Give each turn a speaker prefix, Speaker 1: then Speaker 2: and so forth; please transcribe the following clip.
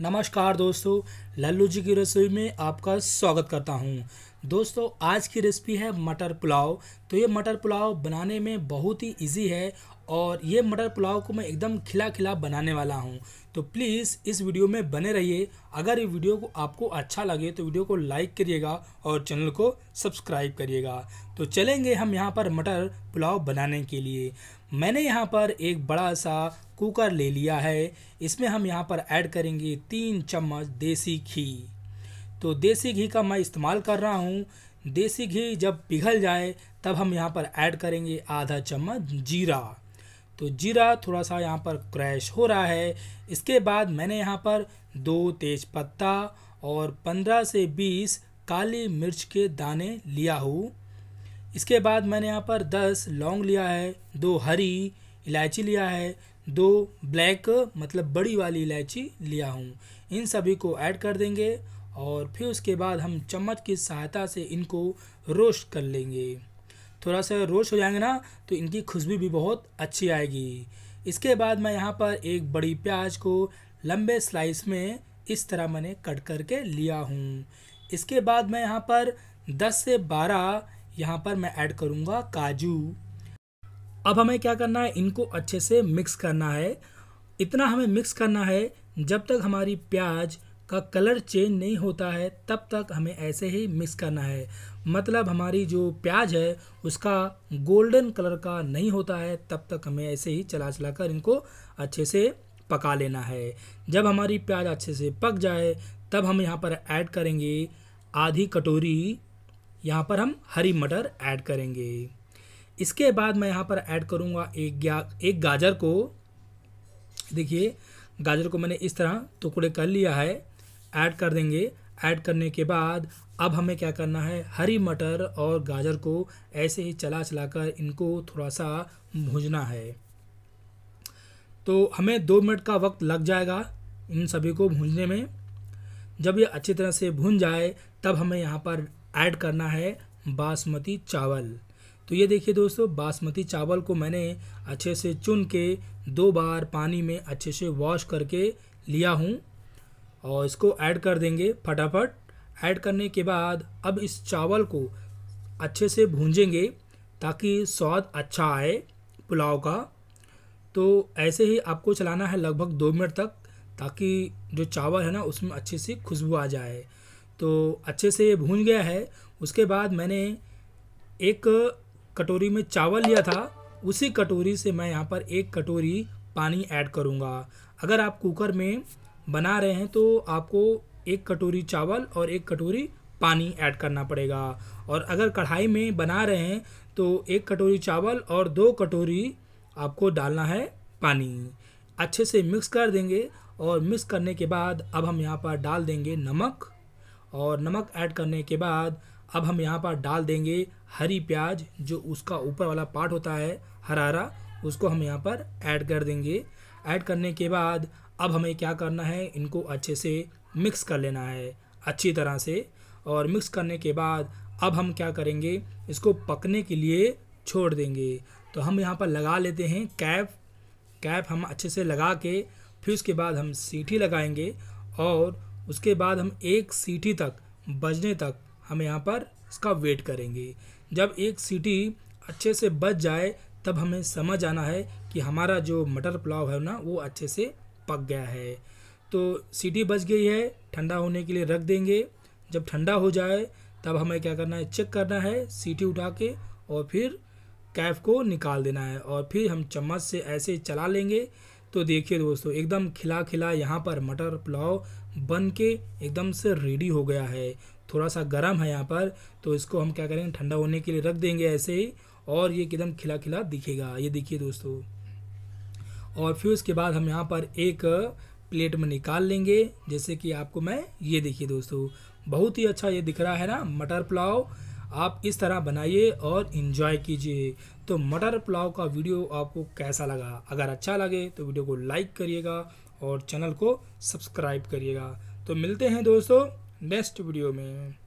Speaker 1: नमस्कार दोस्तों लल्लू जी की रसोई में आपका स्वागत करता हूँ दोस्तों आज की रेसिपी है मटर पुलाव तो ये मटर पुलाव बनाने में बहुत ही इजी है और ये मटर पुलाव को मैं एकदम खिला खिला बनाने वाला हूँ तो प्लीज़ इस वीडियो में बने रहिए अगर ये वीडियो को आपको अच्छा लगे तो वीडियो को लाइक करिएगा और चैनल को सब्सक्राइब करिएगा तो चलेंगे हम यहाँ पर मटर पुलाव बनाने के लिए मैंने यहाँ पर एक बड़ा सा कुकर ले लिया है इसमें हम यहाँ पर ऐड करेंगे तीन चम्मच देसी घी तो देसी घी का मैं इस्तेमाल कर रहा हूँ देसी घी जब पिघल जाए तब हम यहाँ पर ऐड करेंगे आधा चम्मच जीरा तो जीरा थोड़ा सा यहाँ पर क्रैश हो रहा है इसके बाद मैंने यहाँ पर दो तेज पत्ता और पंद्रह से बीस काली मिर्च के दाने लिया हूँ इसके बाद मैंने यहाँ पर दस लौंग लिया है दो हरी इलायची लिया है दो ब्लैक मतलब बड़ी वाली इलायची लिया हूँ इन सभी को ऐड कर देंगे और फिर उसके बाद हम चम्मच की सहायता से इनको रोस्ट कर लेंगे थोड़ा सा रोस्ट हो जाएंगे ना तो इनकी खुशबू भी बहुत अच्छी आएगी इसके बाद मैं यहाँ पर एक बड़ी प्याज को लंबे स्लाइस में इस तरह मैंने कट करके लिया हूँ इसके बाद मैं यहाँ पर 10 से 12 यहाँ पर मैं ऐड करूँगा काजू अब हमें क्या करना है इनको अच्छे से मिक्स करना है इतना हमें मिक्स करना है जब तक हमारी प्याज का कलर चेंज नहीं होता है तब तक हमें ऐसे ही मिक्स करना है मतलब हमारी जो प्याज है उसका गोल्डन कलर का नहीं होता है तब तक हमें ऐसे ही चला चला कर इनको अच्छे से पका लेना है जब हमारी प्याज अच्छे से पक जाए तब हम यहाँ पर ऐड करेंगे आधी कटोरी यहाँ पर हम हरी मटर ऐड करेंगे इसके बाद मैं यहाँ पर ऐड करूँगा एक एक गाजर को देखिए गाजर को मैंने इस तरह टुकड़े कर लिया है ऐड कर देंगे ऐड करने के बाद अब हमें क्या करना है हरी मटर और गाजर को ऐसे ही चला चला कर इनको थोड़ा सा भूजना है तो हमें दो मिनट का वक्त लग जाएगा इन सभी को भूजने में जब ये अच्छी तरह से भून जाए तब हमें यहाँ पर ऐड करना है बासमती चावल तो ये देखिए दोस्तों बासमती चावल को मैंने अच्छे से चुन के दो बार पानी में अच्छे से वॉश करके लिया हूँ और इसको ऐड कर देंगे फटाफट ऐड करने के बाद अब इस चावल को अच्छे से भूंजेंगे ताकि स्वाद अच्छा आए पुलाव का तो ऐसे ही आपको चलाना है लगभग दो मिनट तक ताकि जो चावल है ना उसमें अच्छे से खुशबू आ जाए तो अच्छे से ये भून गया है उसके बाद मैंने एक कटोरी में चावल लिया था उसी कटोरी से मैं यहाँ पर एक कटोरी पानी ऐड करूँगा अगर आप कुकर में बना रहे हैं तो आपको एक कटोरी चावल और एक कटोरी पानी ऐड करना पड़ेगा और अगर कढ़ाई में बना रहे हैं तो एक कटोरी चावल और दो कटोरी आपको डालना है पानी अच्छे से मिक्स कर देंगे और मिक्स करने के बाद अब हम यहाँ पर डाल देंगे नमक और नमक ऐड करने के बाद अब हम यहाँ पर डाल देंगे हरी प्याज जो उसका ऊपर वाला पार्ट होता है हरा हरा उसको हम यहाँ पर ऐड कर देंगे ऐड करने के बाद अब हमें क्या करना है इनको अच्छे से मिक्स कर लेना है अच्छी तरह से और मिक्स करने के बाद अब हम क्या करेंगे इसको पकने के लिए छोड़ देंगे तो हम यहाँ पर लगा लेते हैं कैप कैप हम अच्छे से लगा के फिर उसके बाद हम सीटी लगाएंगे और उसके बाद हम एक सीटी तक बजने तक हम यहाँ पर इसका वेट करेंगे जब एक सीटी अच्छे से बज जाए तब हमें समझ आना है कि हमारा जो मटर पुलाव है ना वो अच्छे से पक गया है तो सीटी बज गई है ठंडा होने के लिए रख देंगे जब ठंडा हो जाए तब हमें क्या करना है चेक करना है सीटी उठा के और फिर कैफ को निकाल देना है और फिर हम चम्मच से ऐसे चला लेंगे तो देखिए दोस्तों एकदम खिला खिला यहाँ पर मटर पुलाव बन के एकदम से रेडी हो गया है थोड़ा सा गर्म है यहाँ पर तो इसको हम क्या करेंगे ठंडा होने के लिए रख देंगे ऐसे ही और ये एकदम खिला खिला दिखेगा ये देखिए दोस्तों और फिर उसके बाद हम यहाँ पर एक प्लेट में निकाल लेंगे जैसे कि आपको मैं ये देखिए दोस्तों बहुत ही अच्छा ये दिख रहा है ना मटर पुलाव आप इस तरह बनाइए और इन्जॉय कीजिए तो मटर पुलाव का वीडियो आपको कैसा लगा अगर अच्छा लगे तो वीडियो को लाइक करिएगा और चैनल को सब्सक्राइब करिएगा तो मिलते हैं दोस्तों नेक्स्ट वीडियो में